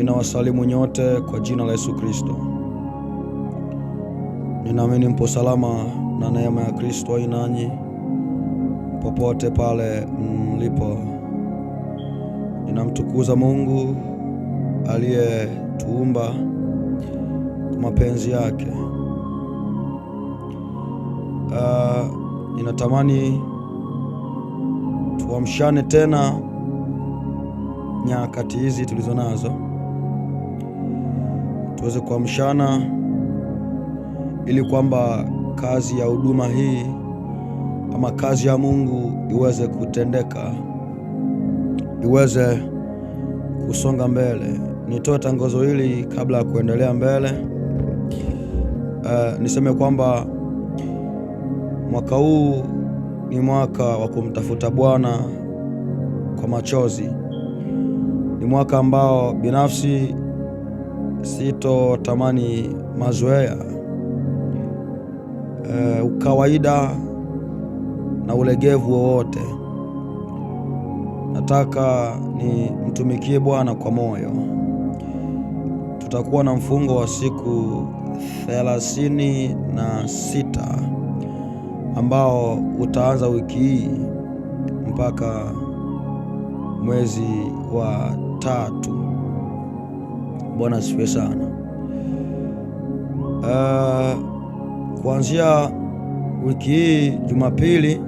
Ninawasalimu nyote kwa jina la Yesu Kristo. Ninaamini mpo salama na neema ya Kristo inanyi popote pale mlipo. Ninamtukuza Mungu aliyetuumba kwa mapenzi yake. Uh, ninatamani tuamshane tena nyakati hizi tulizo nazo tuweze kuamshana ili kwamba kazi ya huduma hii ama kazi ya Mungu iweze kutendeka, iweze kusonga mbele. Nitoe tangazo hili kabla ya kuendelea mbele. Uh, niseme kwamba mwaka huu ni mwaka wa kumtafuta Bwana kwa machozi. Ni mwaka ambao binafsi sitotamani mazoea e, ukawaida na ulegevu wowote. Nataka ni mtumikie Bwana kwa moyo. Tutakuwa na mfungo wa siku thelathini na sita ambao utaanza wiki hii mpaka mwezi wa tatu. Bwana asifiwe sana. Uh, kuanzia wiki hii Jumapili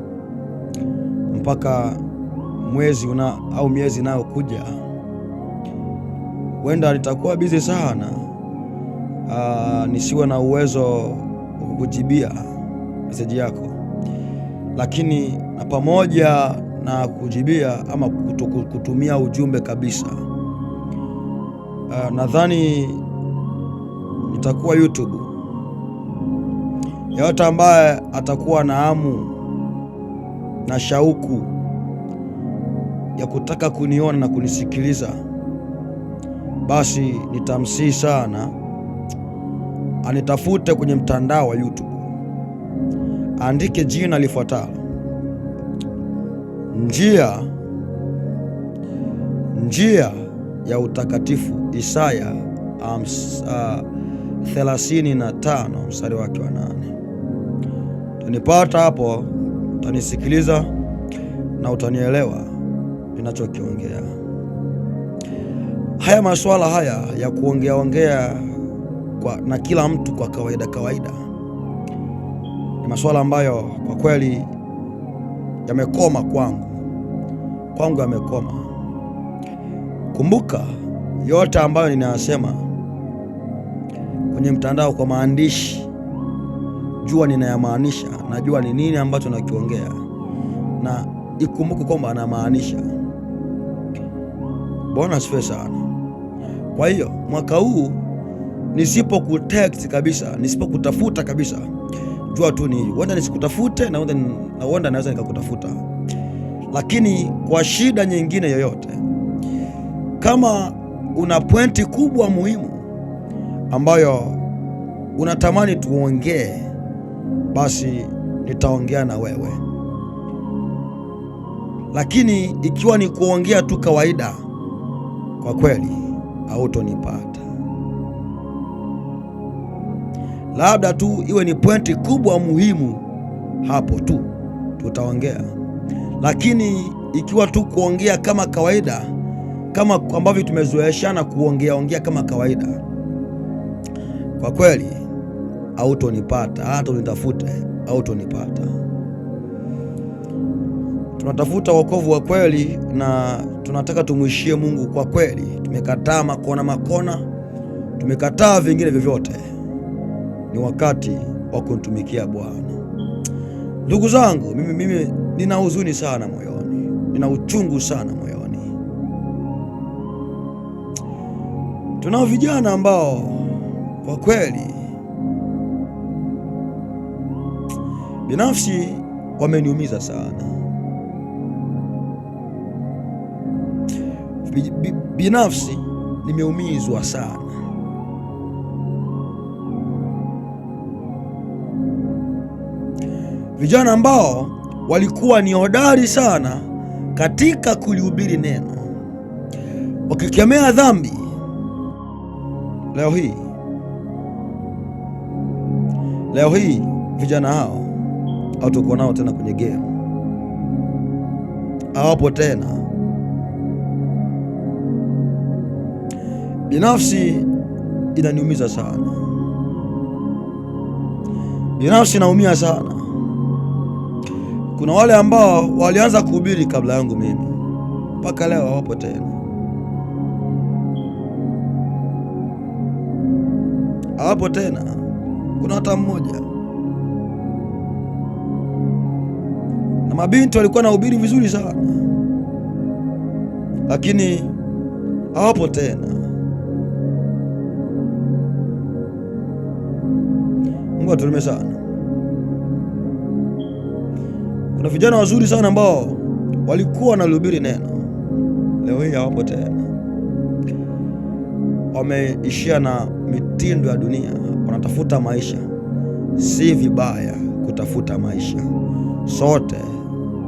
mpaka mwezi una, au miezi inayokuja huenda nitakuwa bizi sana uh, nisiwe na uwezo wa kukujibia meseji yako, lakini na pamoja na kujibia ama kutu, kutumia ujumbe kabisa uh, nadhani nitakuwa YouTube. Yeyote ambaye atakuwa na hamu na shauku ya kutaka kuniona na kunisikiliza, basi nitamsihi sana anitafute kwenye mtandao wa YouTube, aandike jina lifuatalo njia njia ya utakatifu Isaya um, uh, 35 mstari wake wa nane. Utanipata hapo, utanisikiliza na utanielewa ninachokiongea. Haya masuala haya ya kuongeaongea kwa, na kila mtu kwa kawaida kawaida ni masuala ambayo kwa kweli yamekoma kwangu, kwangu yamekoma Kumbuka yote ambayo ninayasema kwenye mtandao kwa maandishi, jua ninayamaanisha, najua ni nini ambacho nakiongea, na ikumbuke kwamba anamaanisha. Bwana asifiwe sana. Kwa hiyo mwaka huu nisipokutext kabisa, nisipokutafuta kabisa, jua tu ni huenda nisikutafute, na huenda naweza nikakutafuta, lakini kwa shida nyingine yoyote kama una pointi kubwa muhimu ambayo unatamani tuongee, basi nitaongea na wewe, lakini ikiwa ni kuongea tu kawaida, kwa kweli hautonipata. Labda tu iwe ni pointi kubwa muhimu, hapo tu tutaongea, lakini ikiwa tu kuongea kama kawaida kama ambavyo tumezoeshana kuongea ongea kama kawaida. Kwa kweli hautonipata hata unitafute, hautonipata. Tunatafuta wokovu wa kweli na tunataka tumwishie Mungu kwa kweli. Tumekataa makona makona, tumekataa vingine vyovyote. Ni wakati wa kumtumikia Bwana. Ndugu zangu, mimi, mimi nina huzuni sana moyoni, nina uchungu sana moyoni. Tunao vijana ambao kwa kweli binafsi wameniumiza sana, binafsi nimeumizwa sana. Vijana ambao walikuwa ni hodari sana katika kulihubiri neno, wakikemea dhambi Leo hii leo hii vijana hao hautokuwa nao tena kwenye game, hawapo tena. Binafsi inaniumiza sana, binafsi naumia sana. Kuna wale ambao walianza kuhubiri kabla yangu mimi, mpaka leo hawapo tena. hawapo tena, kuna hata mmoja. Na mabinti walikuwa nahubiri vizuri sana, lakini hawapo tena. Mungu aturume sana. Kuna vijana wazuri sana ambao walikuwa wanalihubiri neno, leo hii hawapo tena, wameishia na mitindo ya dunia, wanatafuta maisha. Si vibaya kutafuta maisha, sote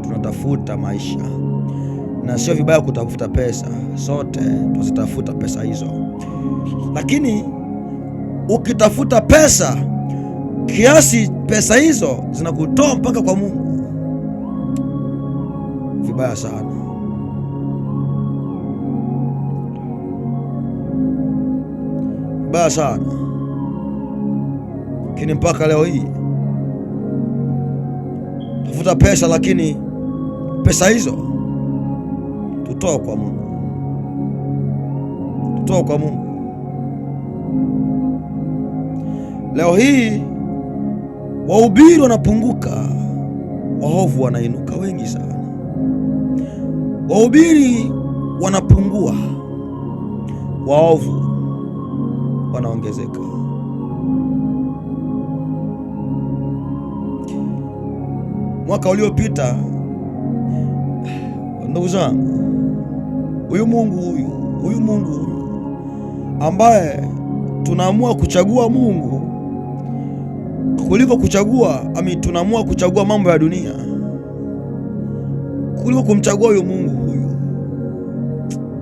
tunatafuta maisha, na sio vibaya kutafuta pesa, sote tunazitafuta pesa hizo. Lakini ukitafuta pesa kiasi, pesa hizo zinakutoa mpaka kwa Mungu, vibaya sana. vibaya sana, lakini mpaka leo hii tafuta pesa, lakini pesa hizo tutoa kwa Mungu, tutoa kwa Mungu. Leo hii wahubiri wanapunguka, waovu wanainuka wengi sana, wahubiri wanapungua, waovu wanaongezeka. Mwaka uliopita, ndugu zangu, huyu Mungu huyu huyu Mungu huyu ambaye tunaamua kuchagua Mungu kuliko kuchagua ami, tunaamua kuchagua mambo ya dunia kuliko kumchagua huyu Mungu huyu.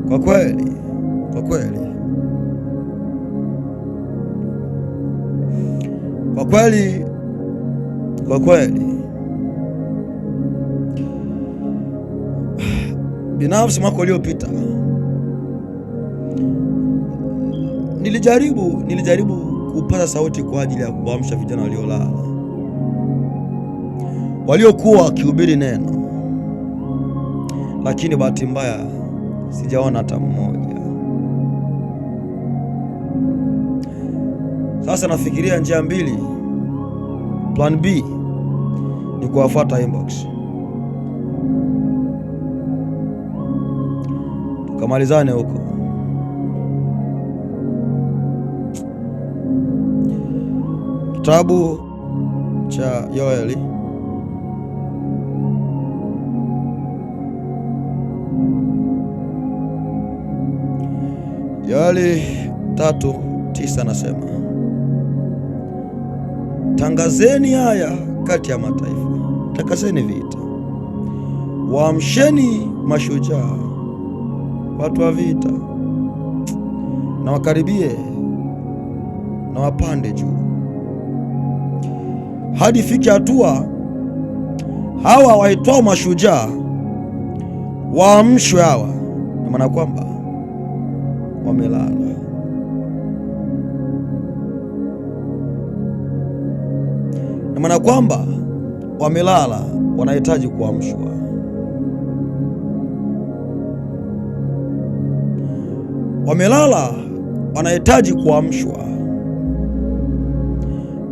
Kwa kweli, kwa kweli Kwa kweli, kwa kweli binafsi, mwaka uliopita nilijaribu nilijaribu kupata sauti kwa ajili ya kuamsha vijana waliolala, waliokuwa wakihubiri neno, lakini bahati mbaya sijaona hata mmoja. Sasa nafikiria njia mbili. Plan B ni kuwafuata inbox, tukamalizane huko. Kitabu cha Yoeli Yoeli tatu tisa nasema Tangazeni haya kati ya mataifa, takaseni vita, waamsheni mashujaa, watu wa vita, na wakaribie na wapande juu, hadi fiki hatua hawa waitwao mashujaa waamshwe. Hawa na maana kwamba wamelala maana kwamba wamelala, wanahitaji kuamshwa. Wamelala, wanahitaji kuamshwa.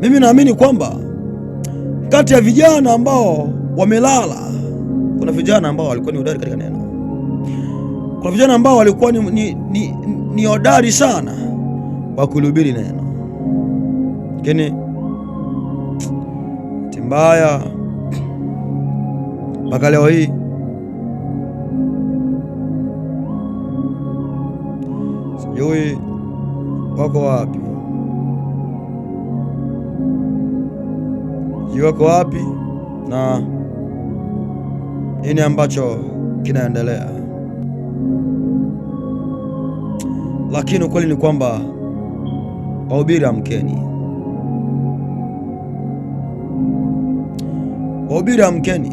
Mimi naamini kwamba kati ya vijana ambao wamelala kuna vijana ambao walikuwa ni hodari katika neno. Kuna vijana ambao walikuwa ni, ni, ni, ni hodari sana wa kulihubiri neno lakini mbaya mpaka leo hii. Sijui wako wapi, sijui wako wapi na nini ambacho kinaendelea, lakini ukweli ni kwamba wahubiri, amkeni. Obira amkeni,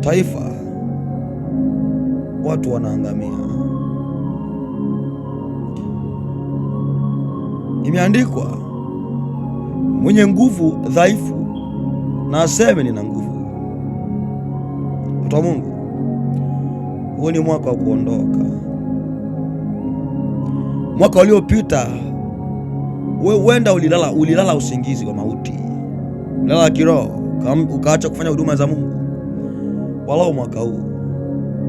taifa, watu wanaangamia. Imeandikwa, mwenye nguvu dhaifu na aseme nina nguvu. Watu wa Mungu, huu ni mwaka wa kuondoka. Mwaka uliopita wewe uenda ulilala, ulilala usingizi wa mauti, ulilala kiroho ukaacha kufanya huduma za Mungu. Walau mwaka huu,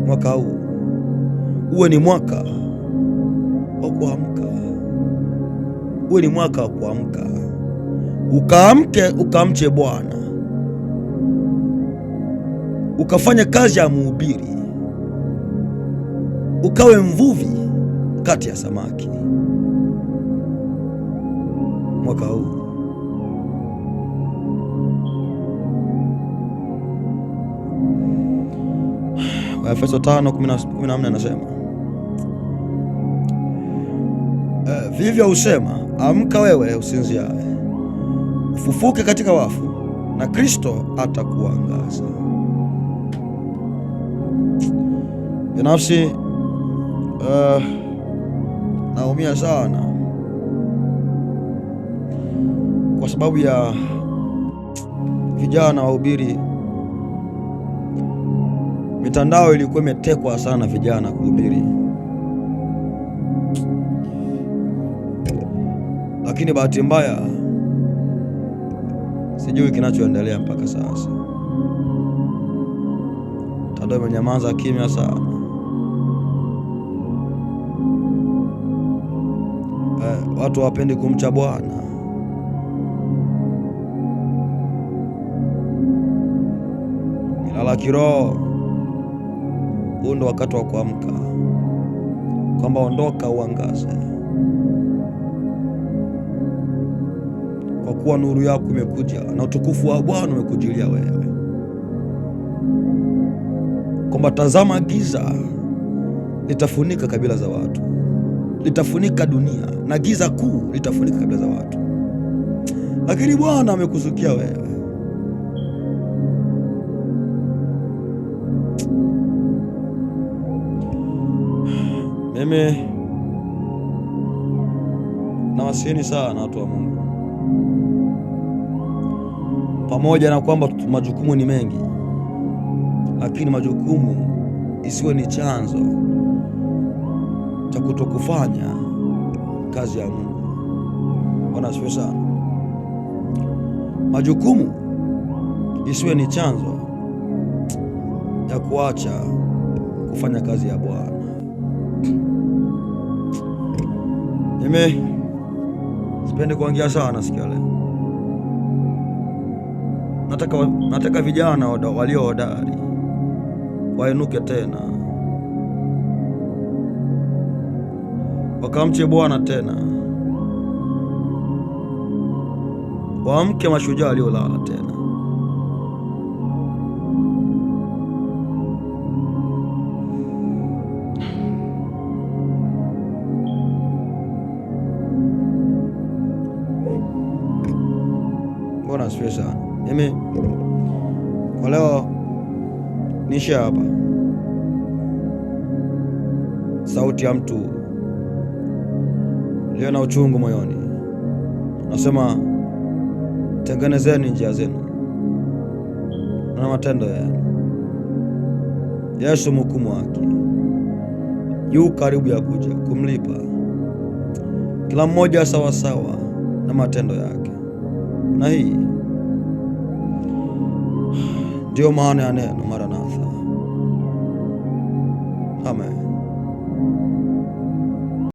mwaka huu uwe ni mwaka wa kuamka, uwe ni mwaka wa kuamka, ukaamke, ukamche Bwana, ukafanya kazi ya mhubiri, ukawe mvuvi kati ya samaki mwaka huu. Waefeso 5:14 anasema uh, vivyo husema amka wewe usinziae ufufuke katika wafu, na Kristo atakuangaza. Binafsi uh, naumia sana kwa sababu ya vijana wahubiri, mitandao ilikuwa imetekwa sana vijana kuhubiri, lakini bahati mbaya sijui kinachoendelea mpaka sasa. Mitandao imenyamaza kimya sana. Eh, watu hawapendi kumcha Bwana. na la kiroho. Huu ndo wakati wa kuamka, kwamba ondoka uangaze, kwa kuwa nuru yako imekuja na utukufu wa Bwana umekujilia wewe, kwamba tazama, giza litafunika kabila za watu, litafunika dunia, na giza kuu litafunika kabila za watu, lakini Bwana amekuzukia wewe Mimi nawasieni sana watu wa Mungu, pamoja na kwamba majukumu ni mengi, lakini majukumu isiwe ni chanzo cha kutokufanya kazi ya Mungu. Bwana asifiwe sana. Majukumu isiwe ni chanzo ya kuacha kufanya kazi ya Bwana. Mimi sipendi kuongea sana sikia leo. Nataka, nataka vijana walio hodari wainuke tena wakamche Bwana tena waamke mashujaa waliolala tena. asifiwe sana. Amen. Kwa leo niishe hapa. Sauti ya mtu iliyo na uchungu moyoni nasema, tengenezeni njia zenu na matendo yenu, Yesu mhukumu wake yu karibu ya kuja kumlipa kila mmoja sawasawa na matendo yake. Na hii જેઓ મહાન અને અમારા નાથ અમે